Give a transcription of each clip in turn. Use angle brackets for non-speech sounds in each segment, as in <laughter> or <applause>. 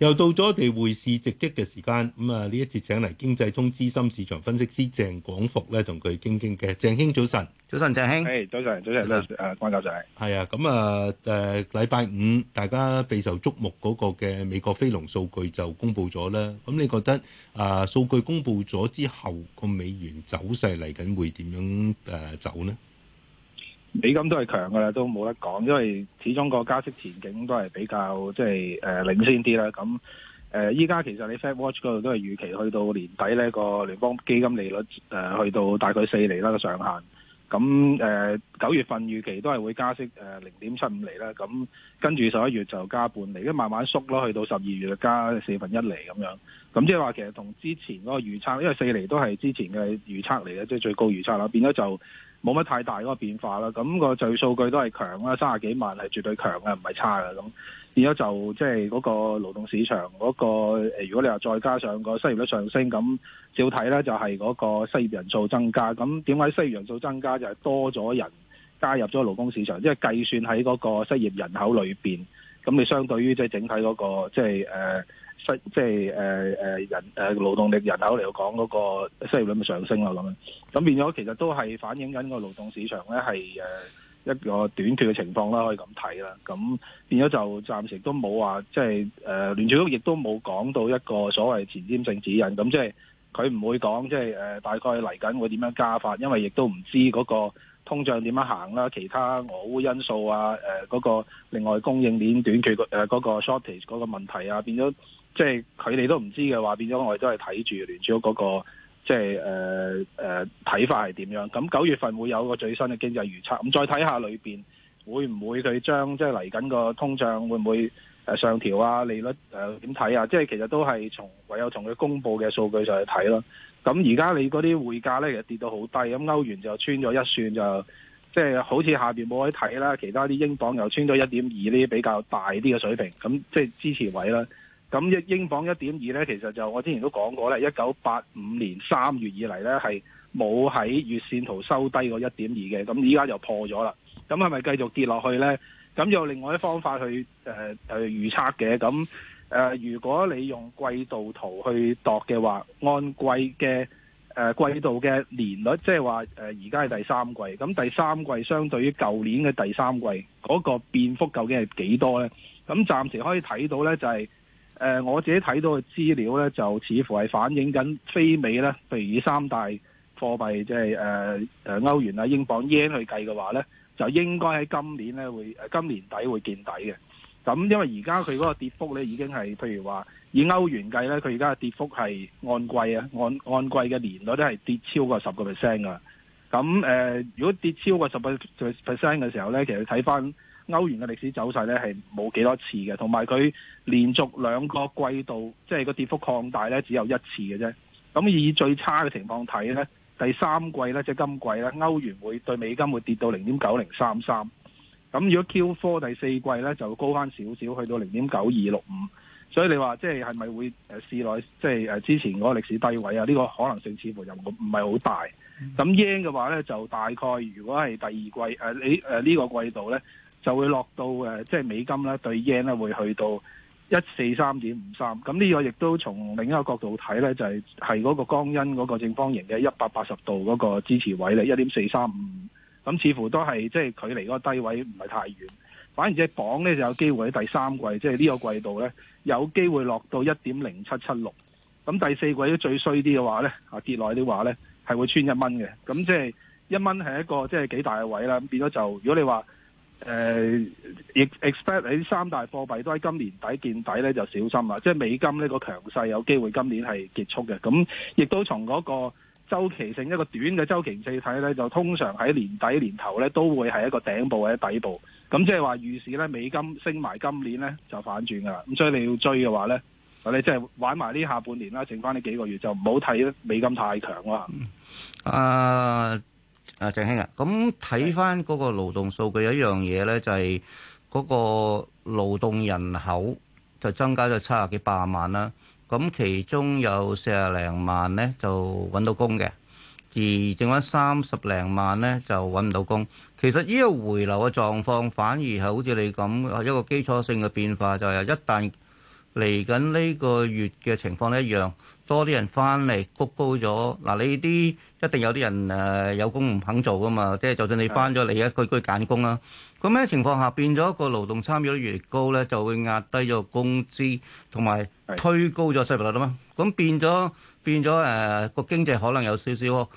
又到咗我哋匯市直擊嘅時間，咁啊呢一次請嚟經濟通資深市場分析師鄭廣復咧，同佢傾傾嘅。鄭兄早，早晨，早晨鄭兄，係早晨，早晨啦，誒關教仔，係啊，咁啊誒禮拜五大家備受矚目嗰個嘅美國非農數據就公布咗啦，咁你覺得啊數據公布咗之後個美元走勢嚟緊會點樣誒走呢？美金都係強嘅啦，都冇得講，因為始終個加息前景都係比較即係誒領先啲啦。咁誒依家其實你 Fed Watch 嗰度都係預期去到年底呢個聯邦基金利率誒、呃、去到大概四厘啦個上限。咁誒九月份預期都係會加息誒零點七五厘啦。咁跟住十一月就加半厘，跟慢慢縮咯，去到十二月加四分一厘咁樣。咁即係話其實同之前嗰個預測，因為四厘都係之前嘅預測嚟嘅，即係最高預測啦，變咗就。冇乜太大嗰個變化啦，咁、那個就業數據都係強啦，三十幾萬係絕對強嘅，唔係差嘅咁。而家就即係嗰個勞動市場嗰、那個、呃，如果你話再加上個失業率上升，咁照睇呢就係、是、嗰個失業人數增加。咁點解失業人數增加？就係、是、多咗人加入咗勞工市場？即、就、為、是、計算喺嗰個失業人口裏邊，咁你相對於即係整體嗰、那個即係誒。就是呃即係誒誒人誒、呃、勞動力人口嚟講，嗰個失業率咪上升咯咁樣，咁變咗其實都係反映緊個勞動市場咧係誒一個短缺嘅情況啦，可以咁睇啦。咁變咗就暫時都冇話，即係誒聯儲局亦都冇講到一個所謂前瞻性指引。咁即係佢唔會講，即係誒大概嚟緊會點樣加法，因為亦都唔知嗰個通脹點樣行啦，其他俄烏因素啊，誒、呃、嗰、嗰個另外供應鏈短缺嘅誒嗰個 shortage 嗰個問題啊，變咗。即係佢哋都唔知嘅話，變咗我哋都係睇住聯儲局嗰個即係誒誒睇法係點樣？咁九月份會有個最新嘅經濟預測，咁再睇，就是，下裏邊會唔會佢將即係嚟緊個通脹會唔會上調啊？利率誒點睇啊？即，就，係，是，其實都係從唯有從佢公布嘅數據上去睇咯。咁而家你嗰啲匯價咧其實跌到好低，咁歐元就穿咗一算就，就即，是，係好似下邊冇去睇啦。其他啲英鎊又穿咗一點二呢啲比較大啲嘅水平，咁即係支持位啦。咁一英鎊一點二咧，其實就我之前都講過咧，一九八五年三月以嚟咧係冇喺月線圖收低過一點二嘅。咁依家又破咗啦。咁係咪繼續跌落去咧？咁有另外一方法去誒誒、呃、預測嘅。咁、呃、誒，如果你用季度圖去度嘅話，按季嘅誒、呃、季度嘅年率，即係話誒，而家係第三季。咁第三季相對於舊年嘅第三季嗰、那個變幅究竟係幾多咧？咁暫時可以睇到咧，就係、是。誒、呃、我自己睇到嘅資料咧，就似乎係反映緊非美咧，譬如以三大貨幣即係誒誒歐元啊、英鎊、yen 去計嘅話咧，就應該喺今年咧會今年底會見底嘅。咁、嗯、因為而家佢嗰個跌幅咧已經係譬如話以歐元計咧，佢而家嘅跌幅係按季啊，按按季嘅年率咧係跌超過十個 percent 㗎。咁誒、嗯呃，如果跌超過十個 percent 嘅時候咧，其實睇返，歐元嘅歷史走勢咧，係冇幾多次嘅，同埋佢連續兩個季度即係、就是、個跌幅擴大咧，只有一次嘅啫。咁以最差嘅情況睇咧，第三季咧即係今季咧，歐元會對美金會跌到零點九零三三。咁如果 Q4 第四季咧，就會高翻少少，去到零點九二六五。所以你話即係係咪會誒試耐即係誒之前嗰個歷史低位啊？呢、這個可能性似乎又唔唔係好大。咁 yen 嘅話咧，就大概如果係第二季誒你誒呢個季度咧。就會落到誒，即係美金咧對 yen 咧會去到一四三點五三，咁呢個亦都從另一個角度睇咧，就係係嗰個江恩嗰個正方形嘅一百八十度嗰個支持位咧，一點四三五，咁似乎都係即係距離嗰個低位唔係太遠，反而即係講咧就有機會喺第三季，即係呢個季度咧有機會落到一點零七七六，咁第四季都最衰啲嘅話咧，啊跌落去啲話咧係會穿一蚊嘅，咁即係一蚊係一個即係幾大嘅位啦，咁變咗就如果你話。誒，亦、呃、expect 你三大貨幣都喺今年底見底咧，就小心啦。即係美金呢個強勢有機會今年係結束嘅。咁、嗯、亦都從嗰個週期性一個短嘅週期嚟睇咧，就通常喺年底年頭咧都會係一個頂部或者底部。咁、嗯、即係話預示咧，美金升埋今年咧就反轉噶。咁所以你要追嘅話咧，或者即係玩埋呢下半年啦，剩翻呢幾個月就唔好睇美金太強啦。啊、uh！啊，正興啊！咁睇翻嗰個勞動數據，有一樣嘢咧，就係嗰個勞動人口就增加咗七十幾八十萬啦。咁其中有四十零萬咧就揾到工嘅，而剩翻三十零萬咧就揾唔到工。其實呢個回流嘅狀況反而係好似你咁一個基礎性嘅變化，就係一旦。嚟緊呢個月嘅情況咧一樣，多啲人翻嚟谷高咗。嗱，呢啲一定有啲人誒有工唔肯做噶嘛，即係就算你翻咗嚟，一句句揀工啦。咁樣情況下變咗個勞動參與率越嚟越高咧，就會壓低咗工資，同埋推高咗失業率啦嘛。咁變咗變咗誒個經濟可能有少少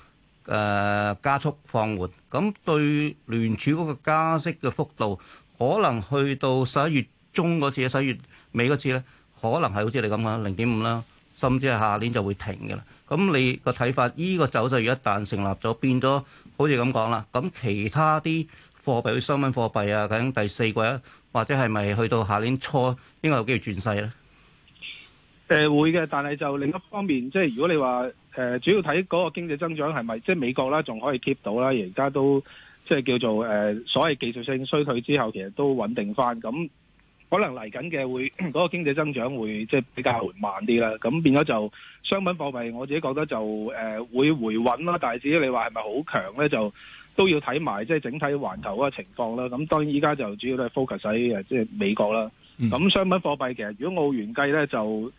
誒加速放緩。咁對聯儲嗰個加息嘅幅度，可能去到十一月中嗰次啊，十一月尾嗰次咧。可能係好似你咁樣零點五啦，5，甚至係下年就會停嘅啦。咁你個睇法，依、這個走勢一旦成立咗，變咗好似咁講啦。咁其他啲貨幣，啲商品貨幣啊，究竟第四季啊，或者係咪去到下年初，應該有機、呃、會轉勢咧？誒會嘅，但係就另一方面，即係如果你話誒、呃、主要睇嗰個經濟增長係咪，即係美國啦，仲可以 keep 到啦。而家都即係叫做誒、呃、所謂技術性衰退之後，其實都穩定翻咁。可能嚟緊嘅會嗰、 <coughs> 嗰個經濟增長會即係比較慢啲啦，咁變咗就商品貨幣，我自己覺得就誒、呃、會回穩、啊、啦，但係至於你話係咪好強咧，就都要睇埋即係整體環球嗰個情況啦。咁當然依家就主要都係 focus 喺誒即係美國啦。咁、嗯、商品貨幣其實如果澳元計咧就。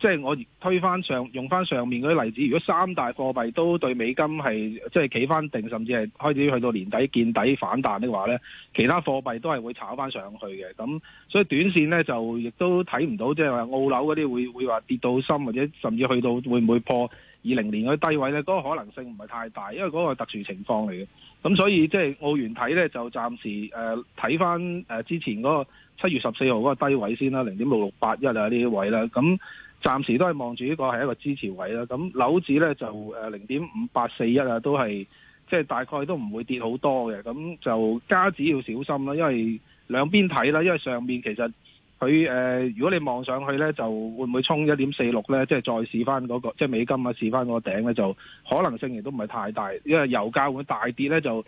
即係我推翻上用翻上面嗰啲例子，如果三大貨幣都對美金係即係企翻定，甚至係開始去到年底見底反彈的話呢，其他貨幣都係會炒翻上去嘅。咁所以短線呢就亦都睇唔到，即係話澳樓嗰啲會會話跌到深，或者甚至去到會唔會破二零年嗰個低位呢？嗰個可能性唔係太大，因為嗰個特殊情況嚟嘅。咁所以即係澳元睇呢，就暫時誒睇翻誒之前嗰個七月十四號嗰個低位先啦，零點六六八一啊呢啲位啦，咁。暫時都係望住呢個係一個支持位啦，咁樓指呢就誒零點五八四一啊，都係即係大概都唔會跌好多嘅，咁就加指要小心啦，因為兩邊睇啦，因為上面其實佢誒、呃、如果你望上去呢，就會唔會衝一點四六呢？即係再試翻嗰個即係美金啊試翻嗰個頂呢，就可能性亦都唔係太大，因為油價會大跌呢，就。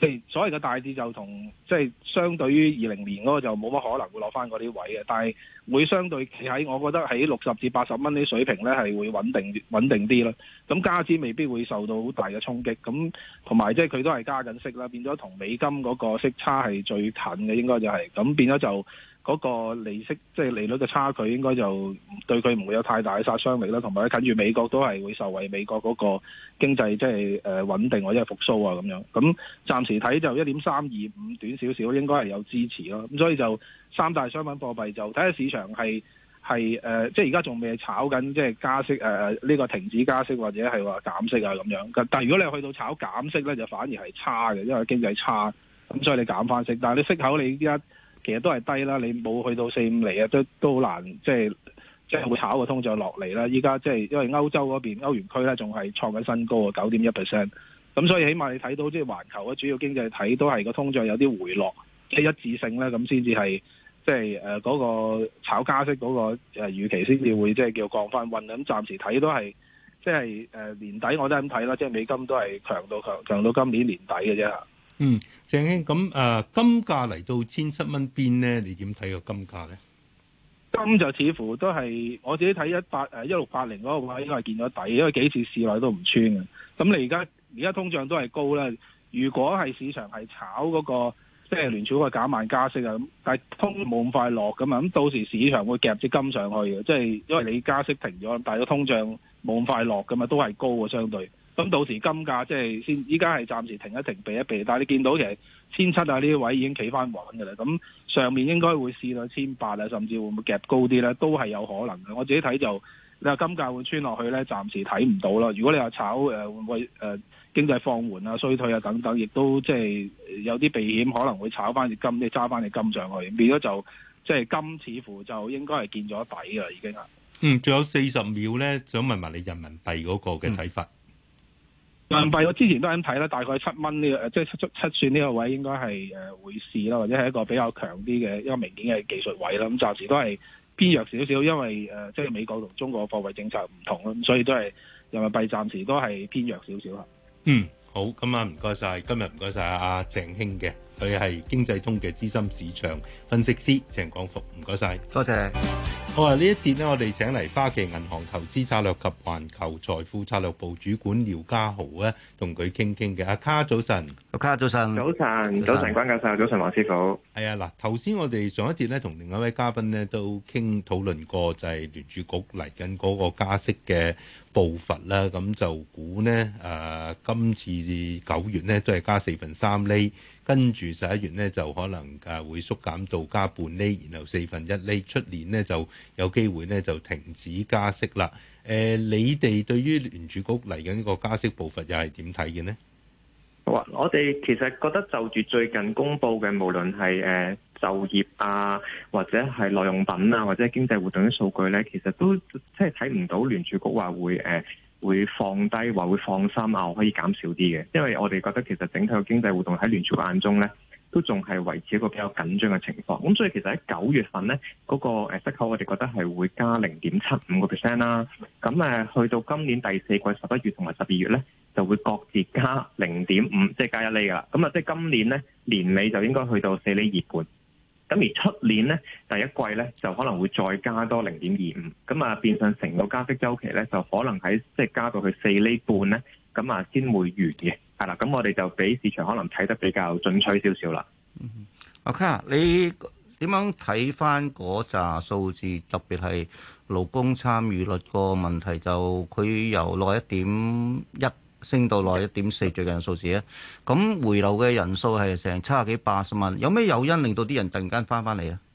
即係、嗯、所謂嘅大跌就同即係相對於二零年嗰個就冇乜可能會攞翻嗰啲位嘅，但係會相對企喺我覺得喺六十至八十蚊啲水平呢，係會穩定穩定啲啦。咁加資未必會受到好大嘅衝擊。咁同埋即係佢都係加緊息啦，變咗同美金嗰個息差係最近嘅，應該就係、是、咁變咗就。嗰個利息即係、就是、利率嘅差距，應該就對佢唔會有太大嘅殺傷力啦。同埋近住美國都係會受惠美國嗰個經濟即係誒穩定或者係復甦啊，咁樣。咁暫時睇就一點三二五短少少，應該係有支持咯。咁所以就三大商品貨幣就睇下市場係係誒，即係而家仲未炒緊，即、就、係、是、加息誒呢、呃這個停止加息或者係話減息啊，咁樣。但係如果你去到炒減息咧，就反而係差嘅，因為經濟差，咁所以你減翻息。但係你息口你一其實都係低啦，你冇去到四五厘啊，都都好難即係即係會炒個通脹落嚟啦。依家即係因為歐洲嗰邊歐元區咧，仲係創緊新高啊，九點一 percent。咁所以起碼你睇到即係全球嘅主要經濟睇都係個通脹有啲回落，即、就、係、是、一致性咧，咁先至係即係誒嗰個炒加息嗰、那個誒、呃、預期先至會即係、就是、叫降翻運。咁暫時睇都係即係誒年底我都係咁睇啦，即、就、係、是、美金都係強到強強到今年年底嘅啫。嗯，鄭兄咁，誒，金價嚟到千七蚊邊咧？你點睇個金價咧？金就似乎都係我自己睇一八、誒一六八零嗰個位，應該係見咗底，因為幾次市內都唔穿嘅。咁你而家而家通脹都係高啦。如果係市場係炒嗰、那個即係聯儲嗰個減慢加息啊，但係通冇咁快落㗎嘛。咁到時市場會夾啲金上去嘅，即係因為你加息停咗，但係個通脹冇咁快落㗎嘛，都係高嘅相對。咁到時金價即係先，依家係暫時停一停，避一避。但係你見到其實千七啊呢啲位已經企翻穩嘅啦。咁上面應該會試到千八啊，甚至會唔會夾高啲咧，都係有可能嘅。我自己睇就你話金價會穿落去咧，暫時睇唔到咯。如果你話炒誒、啊、會唔會誒、啊、經濟放緩啊、衰退啊等等，亦都即係有啲避險可能會炒翻隻金，即揸翻隻金上去。變咗就即係金似乎就應該係見咗底嘅啦，已經啊。嗯，仲有四十秒咧，想問埋你人民幣嗰個嘅睇法。嗯人民幣我之前都係咁睇啦，大概七蚊呢，誒，即係七七七算呢個位應該係誒會試啦，或者係一個比較強啲嘅一個明顯嘅技術位啦。咁、嗯、暫時都係偏弱少少，因為誒、呃、即係美國同中國嘅貨幣政策唔同，咁，所以都係人民幣暫時都係偏弱少少啊。嗯，好，今晚唔該晒，今日唔該晒阿鄭兄嘅，佢係經濟通嘅資深市場分析師鄭廣復，唔該晒，多謝。好喇，呢一節咧，我哋請嚟花旗銀行投資策略及環球財富策劃部主管廖嘉豪咧，同佢傾傾嘅。阿卡早晨，阿卡早晨，早晨，早晨，關教授，早晨，王師傅。係啊，嗱，頭先我哋上一節咧，同另外一位嘉賓咧都傾討論過，就係聯儲局嚟緊嗰個加息嘅步伐啦。咁就估咧，誒，今次九月咧都係加四分三厘。跟住十一月呢，就可能誒會縮減到加半厘，然後四分一厘。出年呢，就有機會呢，就停止加息啦。誒、呃，你哋對於聯儲局嚟緊呢個加息步伐又係點睇嘅呢？好啊，我我哋其實覺得就住最近公布嘅無論係誒就業啊，或者係耐用品啊，或者係經濟活動啲數據呢，其實都即係睇唔到聯儲局話會誒。呃會放低或會放心啊！我可以減少啲嘅，因為我哋覺得其實整體個經濟活動喺聯儲眼中咧，都仲係維持一個比較緊張嘅情況。咁所以其實喺九月份咧，嗰、那個息口我哋覺得係會加零點七五個 percent 啦。咁誒去到今年第四季十一月同埋十二月咧，就會各自加零點五，即係加一厘㗎喇。咁啊，即係今年咧年尾就應該去到四厘二半。咁而出年咧第一季咧就可能會再加多零點二五，咁啊變相成個加息周期咧就可能喺即係加到去四厘半咧，咁啊先會完嘅係啦。咁我哋就俾市場可能睇得比較準確少少啦。OK 啊，你點樣睇翻嗰紮數字，特別係勞工參與率個問題就佢由落一點一。升到來一點四，最近嘅數字咧，咁回流嘅人數係成七十幾八十萬，有咩誘因令到啲人突然間翻翻嚟啊？ <laughs>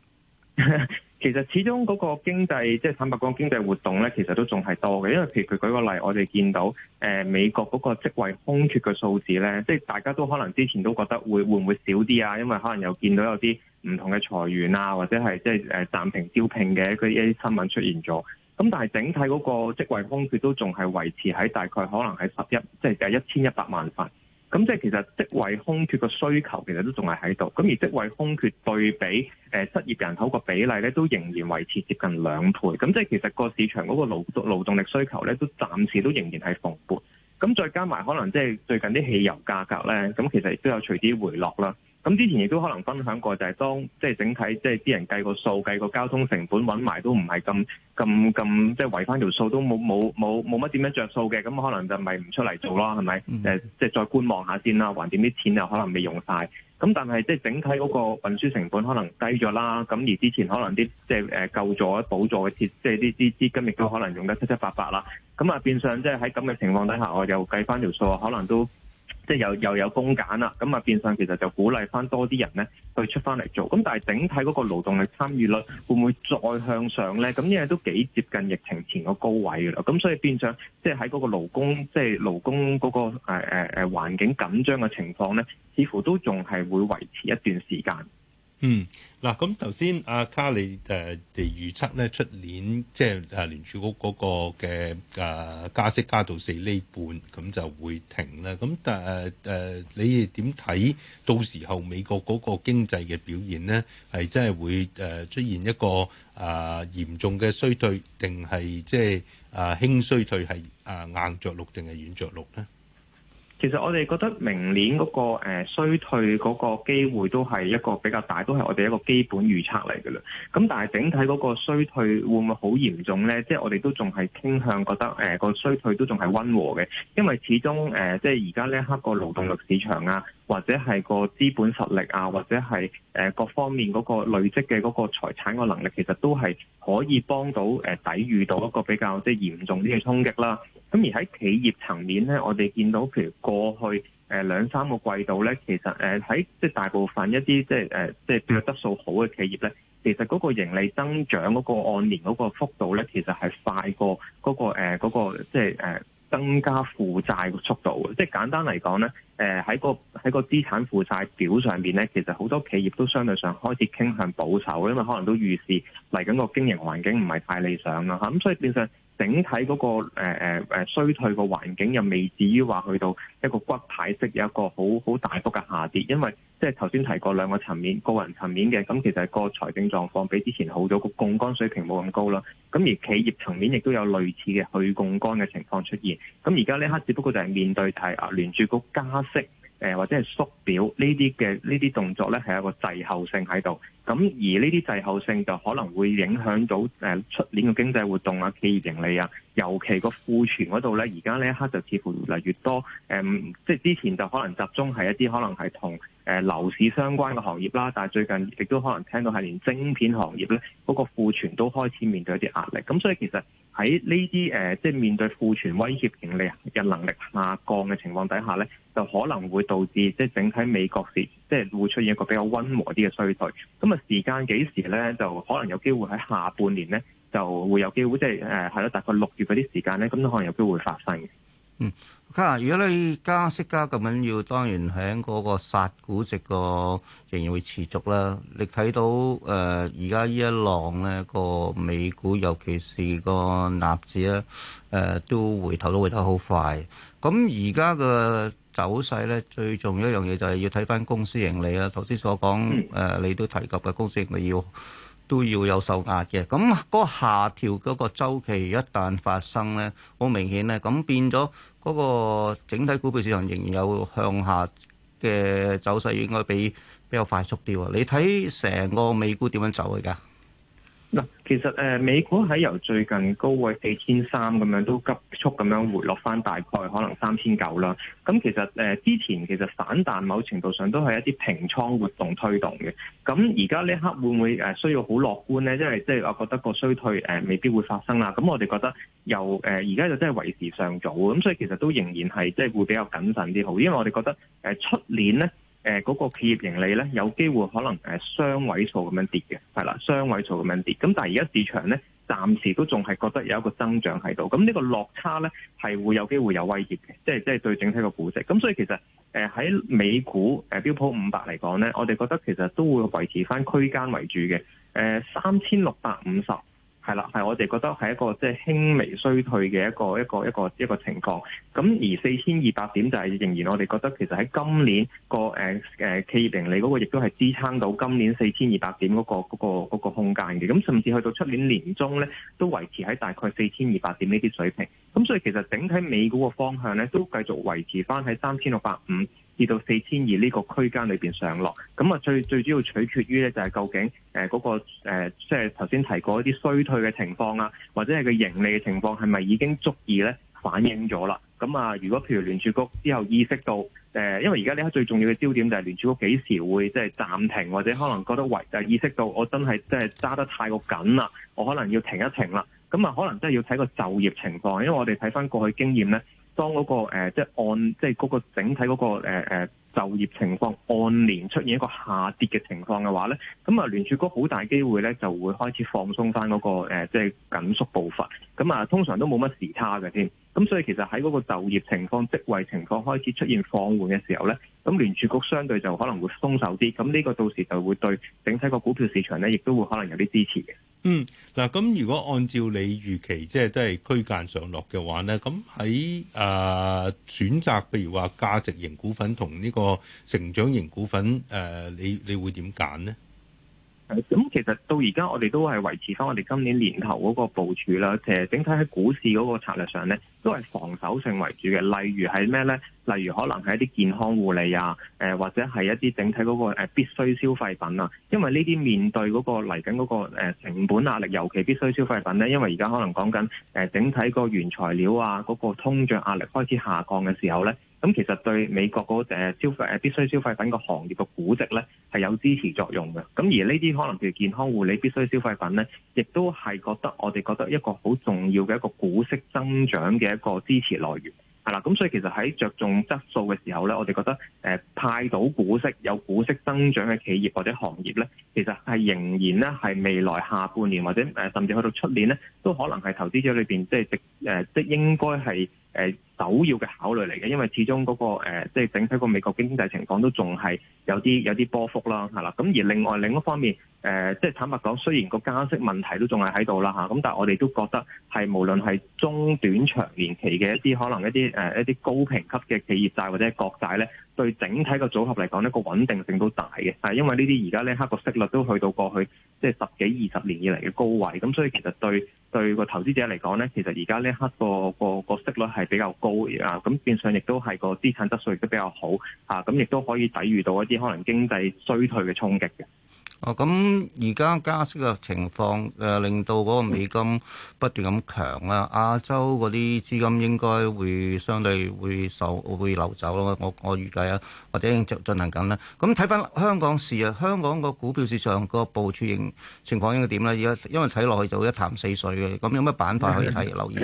其實始終嗰個經濟即係坦白講經濟活動咧，其實都仲係多嘅，因為譬如佢舉個例，我哋見到誒、呃、美國嗰個職位空缺嘅數字咧，即係大家都可能之前都覺得會會唔會少啲啊，因為可能又見到有啲唔同嘅裁員啊，或者係即係誒暫停招聘嘅嗰啲新聞出現咗。咁但係整體嗰個職位空缺都仲係維持喺大概可能係十一，即係誒一千一百萬份。咁即係其實職位空缺嘅需求其實都仲係喺度。咁而職位空缺對比誒、呃、失業人口個比例咧，都仍然維持接近兩倍。咁即係其實個市場嗰個勞動力需求咧，都暫時都仍然係蓬勃。咁再加埋可能即係最近啲汽油價格咧，咁其實亦都有隨之回落啦。咁之前亦都可能分享過，就係當即係整體即係啲人計個數、計個交通成本揾埋都唔係咁咁咁，即係維翻條數都冇冇冇冇乜點樣着數嘅，咁可能就咪唔出嚟做咯，係咪？誒、嗯，即係再觀望下先啦，橫掂啲錢又可能未用晒。咁但係即係整體嗰個運輸成本可能低咗啦。咁而之前可能啲即係誒救助、補助嘅鐵，即係啲啲資金亦都可能用得七七八八啦。咁啊，變相即係喺咁嘅情況底下，我又計翻條數，可能都。即係又又有工揀啦，咁啊變相其實就鼓勵翻多啲人咧去出翻嚟做，咁但係整體嗰個勞動力參與率會唔會再向上咧？咁因為都幾接近疫情前個高位嘅咯，咁所以變相即係喺嗰個勞工即係、即係、勞工嗰、嗰個誒誒誒環境緊張嘅情況咧，似乎都仲係會維持一段時間。嗯，嗱，咁頭先阿卡利誒哋預測咧，出年即係誒聯儲局嗰個嘅誒加息加到四厘半，咁就會停啦。咁但係誒你哋點睇到時候美國嗰個經濟嘅表現咧，係真係會誒出現一個誒、啊、嚴重嘅衰退，定係即係誒輕衰退，係誒硬着陸定係軟着陸咧？其實我哋覺得明年嗰個衰退嗰個機會都係一個比較大，都係我哋一個基本預測嚟嘅啦。咁但係整體嗰個衰退會唔會好嚴重呢？即係我哋都仲係傾向覺得誒個、呃、衰退都仲係溫和嘅，因為始終誒、呃、即係而家呢刻個勞動力市場啊，或者係個資本實力啊，或者係誒各方面嗰個累積嘅嗰個財產個能力，其實都係可以幫到誒、呃、抵禦到一個比較即係嚴重啲嘅衝擊啦。咁而喺企業層面咧，我哋見到譬如過去誒兩、呃、三個季度咧，其實誒喺、呃、即係大部分一啲、呃、即係誒即係質素好嘅企業咧，其實嗰個盈利增長嗰個按年嗰個幅度咧，其實係快過嗰、那個誒、呃那個、即係誒增加負債嘅速度。即係簡單嚟講咧，誒、呃、喺個喺個資產負債表上邊咧，其實好多企業都相對上開始傾向保守，因為可能都預示嚟緊個經營環境唔係太理想啦嚇。咁、嗯、所以變相。整體嗰、那個誒誒、呃呃、衰退個環境又未至於話去到一個骨牌式有一個好好大幅嘅下跌，因為即係頭先提過兩個層面，個人層面嘅咁、嗯、其實個財政狀況比之前好咗，個槓桿水平冇咁高啦。咁、嗯、而企業層面亦都有類似嘅去槓桿嘅情況出現。咁而家呢刻只不過就係面對係啊聯儲局加息。誒、呃、或者係縮表呢啲嘅呢啲動作咧，係一個滯後性喺度。咁而呢啲滯後性就可能會影響到誒出、呃、年嘅經濟活動啊、企業盈利啊，尤其個庫存嗰度咧，而家呢一刻就似乎越嚟越多。誒、嗯，即係之前就可能集中係一啲可能係同，誒、呃、樓市相關嘅行業啦，但係最近亦都可能聽到係連晶片行業咧，嗰、那個庫存都開始面對一啲壓力。咁所以其實喺呢啲誒，即係面對庫存威脅盈利嘅能力下降嘅情況底下咧，就可能會導致即係整體美國市即係會出現一個比較温和啲嘅衰退。咁啊，時間幾時咧？就可能有機會喺下半年咧，就會有機會即係誒係咯，大概六月嗰啲時間咧，咁都可能有機會發生嘅。嗯，如果你加息加咁緊要，當然喺嗰個殺估值個仍然會持續啦。你睇到誒而家呢一浪呢個美股，尤其係個納指咧誒、呃，都回頭都回得好快。咁而家嘅走勢咧，最重要一樣嘢就係要睇返公司盈利啊。頭先所講誒、嗯呃，你都提及嘅公司盈利要。都要有受壓嘅，咁嗰個下調嗰個週期一旦發生咧，好明顯咧，咁變咗嗰個整體股票市場仍然有向下嘅走勢，應該比比較快速啲喎。你睇成個美股點樣走㗎？嗱，其實誒、呃、美股喺由最近高位四千三咁樣都急速咁樣回落翻，大概可能三千九啦。咁、嗯、其實誒、呃、之前其實反彈某程度上都係一啲平倉活動推動嘅。咁而家呢刻會唔會誒、呃、需要好樂觀咧？因為即係我覺得個衰退誒、呃、未必會發生啦。咁、嗯、我哋覺得由誒而家就真係為時尚早。咁、嗯、所以其實都仍然係即係會比較謹慎啲好，因為我哋覺得誒出、呃、年咧。誒嗰、呃、那個企業盈利咧，有機會可能誒雙位數咁樣跌嘅，係、呃、啦，雙位數咁樣跌。咁但係而家市場咧，暫時都仲係覺得有一個增長喺度。咁呢個落差咧，係會有機會有威脅嘅，即係即係對整體個估值。咁所以其實誒喺、呃、美股誒、呃、標普五百嚟講咧，我哋覺得其實都會維持翻區間為主嘅，誒三千六百五十。係啦，係我哋覺得係一個即係輕微衰退嘅一個一個一個一個，一個情況。咁而四千二百點就係仍然我哋覺得其實喺今年個誒誒企業盈利嗰個亦都係支撐到今年四千二百點嗰、那個、那個、那個空間嘅。咁甚至去到出年年中咧，都維持喺大概四千二百點呢啲水平。咁所以其實整體美股個方向咧，都繼續維持翻喺三千六百五，至到四千二呢個區間裏邊上落，咁啊最最主要取決於咧就係究竟誒嗰、呃嗰個即係頭先提過一啲衰退嘅情況啊，或者係個盈利嘅情況係咪已經足以咧反映咗啦？咁啊，如果譬如聯儲局之後意識到誒、呃，因為而家呢個最重要嘅焦點就係聯儲局幾時會即係暫停，或者可能覺得為就係、意識到我真係即係揸得太過緊啦，我可能要停一停啦。咁啊，可能真係要睇個就業情況，因為我哋睇翻過去經驗咧。當嗰個即係按即係嗰個整體嗰個誒就業情況按年出現一個下跌嘅情況嘅話咧，咁啊聯儲局好大機會咧就會開始放鬆返嗰個即係緊縮步伐，咁啊通常都冇乜時差嘅添。咁所以其實喺嗰個就業情況、職位情況開始出現放緩嘅時候咧，咁聯儲局相對就可能會鬆手啲，咁呢個到時就會對整體個股票市場咧，亦都會可能有啲支持嘅。嗯，嗱，咁如果按照你預期，即係都係區間上落嘅話咧，咁喺誒選擇，譬如話價值型股份同呢個成長型股份，誒、呃、你你會點揀呢？咁、嗯、其實到而家我哋都係維持翻我哋今年年頭嗰個部署啦。其實，整體喺股市嗰個策略上咧，都係防守性為主嘅。例如係咩咧？例如可能係一啲健康護理啊，誒、呃、或者係一啲整體嗰個必需消費品啊。因為呢啲面對嗰、嗰個嚟緊嗰個成本壓力，尤其必需消費品咧，因為而家可能講緊誒整體個原材料啊，嗰、嗰個通脹壓力開始下降嘅時候咧。咁其實對美國嗰，誒、消費，誒必需消費品個行業嘅估值咧，係有支持作用嘅。咁而呢啲可能譬如健康護理、必需消費品咧，亦都係覺得我哋覺得一個好重要嘅一個股息增長嘅一個支持來源係啦。咁所以其實喺着重質素嘅時候咧，我哋覺得誒、呃、派到股息有股息增長嘅企業或者行業咧，其實係仍然咧係未來下半年或者誒甚至去到出年咧，都可能係投資者裏邊即係值誒即係應該係。誒首要嘅考慮嚟嘅，因為始終嗰、那個即係、呃、整體個美國經濟情況都仲係有啲有啲波幅啦，係啦。咁而另外另一方面，誒、呃、即係坦白講，雖然個加息問題都仲係喺度啦嚇，咁、啊、但係我哋都覺得係無論係中短長年期嘅一啲可能一啲誒、呃、一啲高評級嘅企業債或者國債咧，對整體個組合嚟講，呢個穩定性都大嘅。係因為呢啲而家呢一刻個息率都去到過去即係十幾二十年以嚟嘅高位，咁所以其實對。對個投資者嚟講咧，其實而家呢一刻個個息率係比較高啊，咁變相亦都係個資產質素亦都比較好啊，咁亦都可以抵禦到一啲可能經濟衰退嘅衝擊嘅。哦，咁而家加息嘅情況，誒、呃、令到嗰個美金不斷咁強啦，亞洲嗰啲資金應該會相對會受會流走咯。我我預計啊，或者已經進進行緊啦。咁睇翻香港市啊，香港個股票市場個部署形情況應該點咧？而家因為睇落去就會一潭死水嘅，咁有乜板塊可以睇留意？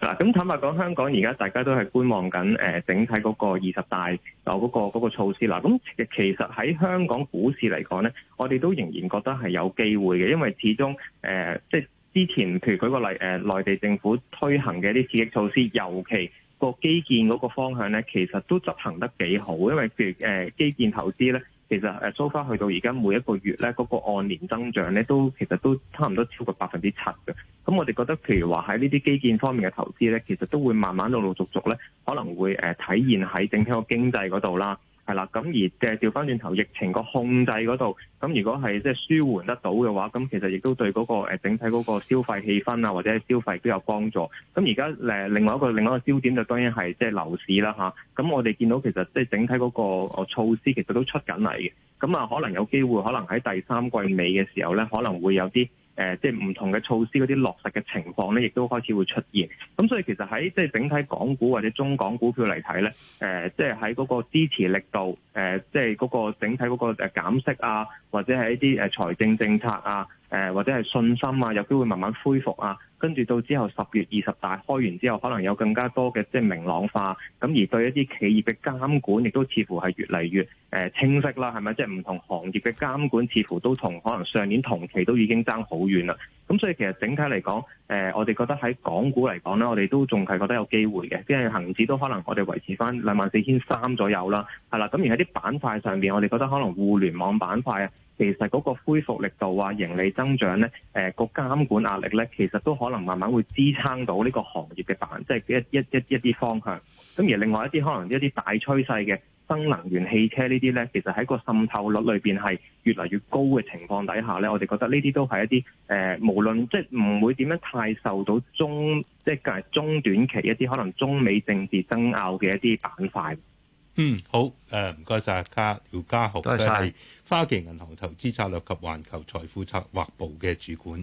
嗱，咁、嗯、坦白講，香港而家大家都係觀望緊，誒、呃，整體嗰個二十大嗰、嗰個、嗰個措施啦。咁其實喺香港股市嚟講咧，我哋都仍然覺得係有機會嘅，因為始終誒，即、呃、係、就是、之前，譬如舉個例，誒，內地政府推行嘅啲刺激措施，尤其個基建嗰個方向咧，其實都執行得幾好，因為譬如誒、呃，基建投資咧。其實誒 so far 去到而家每一個月咧，嗰、嗰個按年增長咧，都其實都差唔多超過百分之七嘅。咁我哋覺得，譬如話喺呢啲基建方面嘅投資咧，其實都會慢慢陸陸續續咧，可能會誒、呃、體現喺整體個經濟嗰度啦。係啦，咁而誒調翻轉頭疫情個控制嗰度，咁如果係即係舒緩得到嘅話，咁其實亦都對嗰個整體嗰個消費氣氛啊，或者消費都有幫助。咁而家誒另外一個另外一個焦點就當然係即係樓市啦吓，咁啊我哋見到其實即係整體嗰個措施其實都出緊嚟嘅，咁啊可能有機會可能喺第三季尾嘅時候咧，可能會有啲。誒、呃，即係唔同嘅措施嗰啲落實嘅情況咧，亦都開始會出現。咁所以其實喺即係整體港股或者中港股票嚟睇咧，誒、呃，即係喺嗰個支持力度，誒、呃，即係嗰個整體嗰個減息啊，或者係一啲誒財政政策啊。誒或者係信心啊，有機會慢慢恢復啊，跟住到之後十月二十大開完之後，可能有更加多嘅即係明朗化，咁而對一啲企業嘅監管亦都似乎係越嚟越誒清晰啦，係咪？即係唔同行業嘅監管似乎都同可能上年同期都已經爭好遠啦。咁所以其實整體嚟講，誒、呃、我哋覺得喺港股嚟講咧，我哋都仲係覺得有機會嘅，即係恆指都可能我哋維持翻兩萬四千三左右啦，係啦。咁而喺啲板塊上邊，我哋覺得可能互聯網板塊啊。其實嗰個恢復力度啊、盈利增長咧、誒個監管壓力咧，其實都可能慢慢會支撐到呢個行業嘅板，即、就、係、是、一一一一啲方向。咁而另外一啲可能一啲大趨勢嘅新能源汽車呢啲咧，其實喺個滲透率裏邊係越嚟越高嘅情況底下咧，我哋覺得呢啲都係一啲誒、呃，無論即係唔會點樣太受到中即係、就是、中短期一啲可能中美政治爭拗嘅一啲板塊。嗯，好。誒、呃，唔該曬家廖嘉豪咧，係謝花旗銀行投資策略及環球財富策劃部嘅主管。